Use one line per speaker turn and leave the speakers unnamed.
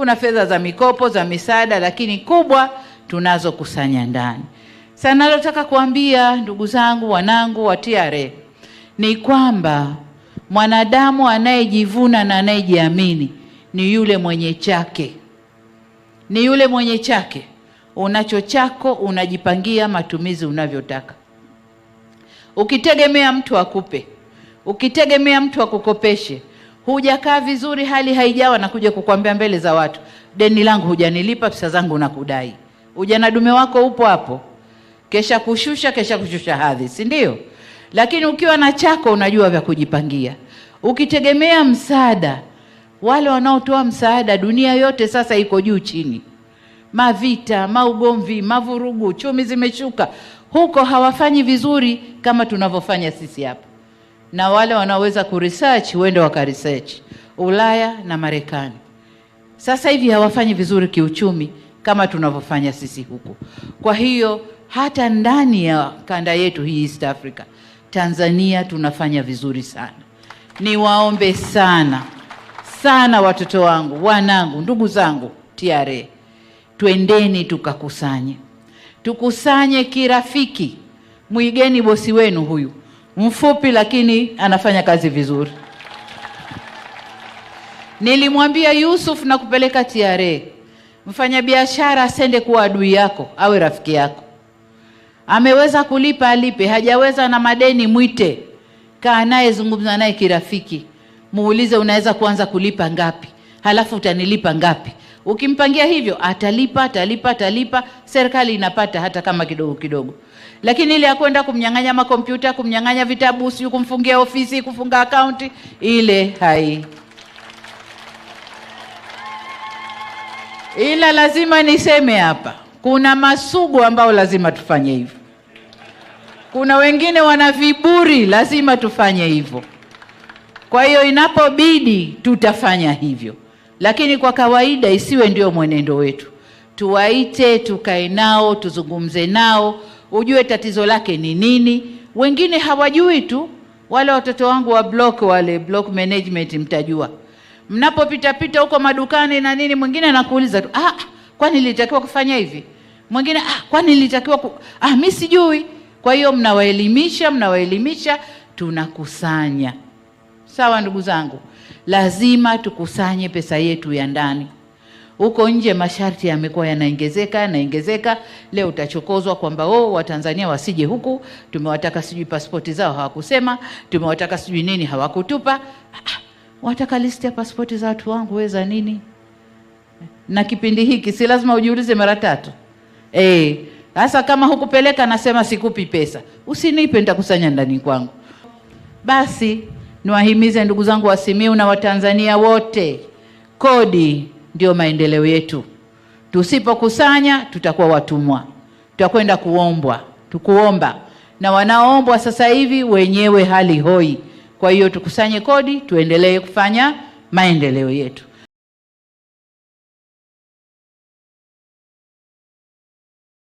Kuna fedha za mikopo za misaada, lakini kubwa tunazokusanya ndani. Sasa nalotaka kuambia ndugu zangu, wanangu wa TRA ni kwamba mwanadamu anayejivuna na anayejiamini ni yule mwenye chake, ni yule mwenye chake. Unacho chako unajipangia matumizi unavyotaka. Ukitegemea mtu akupe, ukitegemea mtu akukopeshe hujakaa vizuri, hali haijawa, na kuja kukwambia mbele za watu, deni langu hujanilipa, pesa zangu nakudai. Ujana dume wako upo hapo, kesha kushusha, kesha kushusha hadhi, si ndio? Lakini ukiwa na chako, unajua vya kujipangia, ukitegemea msaada. Wale wanaotoa msaada, dunia yote sasa iko juu chini, mavita, maugomvi, mavurugu, chumi zimeshuka huko, hawafanyi vizuri kama tunavyofanya sisi hapa na wale wanaoweza kuresearch wende wakaresearch Ulaya na Marekani. Sasa hivi hawafanyi vizuri kiuchumi kama tunavyofanya sisi huku. Kwa hiyo hata ndani ya kanda yetu hii East Africa, Tanzania tunafanya vizuri sana. Niwaombe sana sana, watoto wangu, wanangu, ndugu zangu TRA, twendeni tukakusanye, tukusanye kirafiki, mwigeni bosi wenu huyu mfupi, lakini anafanya kazi vizuri. Nilimwambia Yusuf na kupeleka TRA, mfanyabiashara asende kuwa adui yako, awe rafiki yako. Ameweza kulipa alipe, hajaweza na madeni mwite, kaa naye, zungumza naye kirafiki, muulize unaweza kuanza kulipa ngapi, halafu utanilipa ngapi. Ukimpangia hivyo atalipa, atalipa, atalipa, serikali inapata hata kama kidogo kidogo. Lakini ile ya kwenda kumnyang'anya makompyuta, kumnyang'anya vitabu, si kumfungia ofisi, kufunga akaunti, ile hai ila lazima niseme hapa, kuna masugu ambao lazima tufanye hivyo. Kuna wengine wana viburi, lazima tufanye hivyo. Kwa hiyo inapobidi tutafanya hivyo lakini kwa kawaida isiwe ndio mwenendo wetu. Tuwaite, tukae nao, tuzungumze nao, ujue tatizo lake ni nini. Wengine hawajui tu. Wale watoto wangu wa block wale block management, mtajua mnapopita pita huko madukani na nini, mwingine anakuuliza tu, ah, kwani nilitakiwa kufanya hivi? Mwingine ah, kwani nilitakiwa ku... ah, mimi sijui. Kwa hiyo mnawaelimisha, mnawaelimisha, tunakusanya Sawa ndugu zangu, lazima tukusanye pesa yetu ya ndani. Huko nje masharti yamekuwa yanaongezeka yanaongezeka. Leo utachokozwa kwamba oh, Watanzania wasije huku, tumewataka sijui pasipoti zao hawakusema, tumewataka sijui nini hawakutupa. Ah, wataka listi ya pasipoti za watu wangu weza nini? Na kipindi hiki si lazima ujiulize mara tatu sasa eh, kama hukupeleka nasema sikupi pesa, usinipe, nitakusanya ndani kwangu basi. Niwahimize ndugu zangu wa Simiyu na Watanzania wote, kodi ndio maendeleo yetu. Tusipokusanya tutakuwa watumwa, tutakwenda kuombwa, tukuomba na wanaoombwa sasa hivi wenyewe hali hoi. Kwa hiyo tukusanye kodi, tuendelee kufanya maendeleo yetu.